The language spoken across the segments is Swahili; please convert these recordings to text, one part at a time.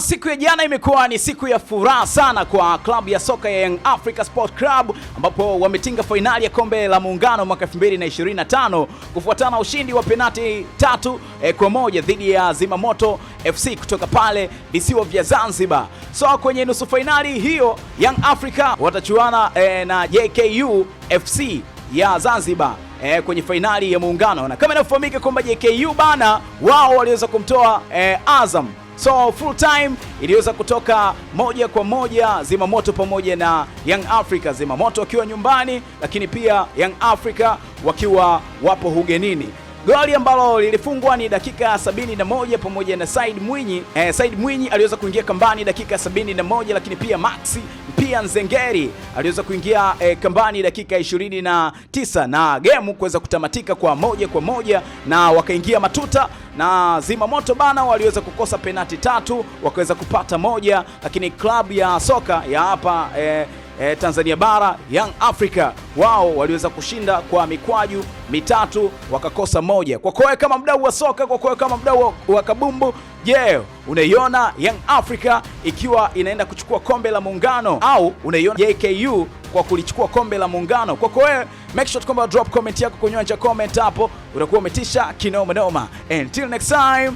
siku ya jana imekuwa ni siku ya furaha sana kwa klabu ya soka ya Young Africa Sport Club ambapo wametinga fainali ya kombe la muungano mwaka 2025 kufuatana ushindi wa penati tatu eh, kwa moja dhidi ya Zimamoto FC kutoka pale visiwa vya Zanzibar. So kwenye nusu fainali hiyo Young Africa watachuana eh, na JKU FC ya Zanzibar E, kwenye fainali ya muungano, na kama inafahamika kwamba JKU bana wao waliweza kumtoa e, Azam So full time iliweza kutoka moja kwa moja Zimamoto pamoja na Young Africa, Zimamoto wakiwa nyumbani, lakini pia Young Africa wakiwa wapo ugenini. Goli ambalo lilifungwa ni dakika sabini na moja pamoja na Said Mwinyi. Eh, Said Mwinyi aliweza kuingia kambani dakika sabini na moja lakini pia Maxi pia Nzengeri aliweza kuingia e, kambani dakika 29 na gemu kuweza kutamatika kwa moja kwa moja, na wakaingia Matuta na Zimamoto bana waliweza kukosa penati tatu wakaweza kupata moja, lakini klabu ya soka ya hapa e, eh, Tanzania Bara Young Africa wao waliweza kushinda kwa mikwaju mitatu wakakosa moja. Kwako wewe kama mdau wa soka, kwako wewe kama mdau wa kabumbu, je, yeah, unaiona Young Africa ikiwa inaenda kuchukua kombe la Muungano au unaiona JKU kwa kulichukua kombe la Muungano? Kwako wewe, make sure tukomba drop comment yako kwenye comment hapo, utakuwa umetisha kinoma noma. Until next time,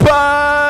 bye.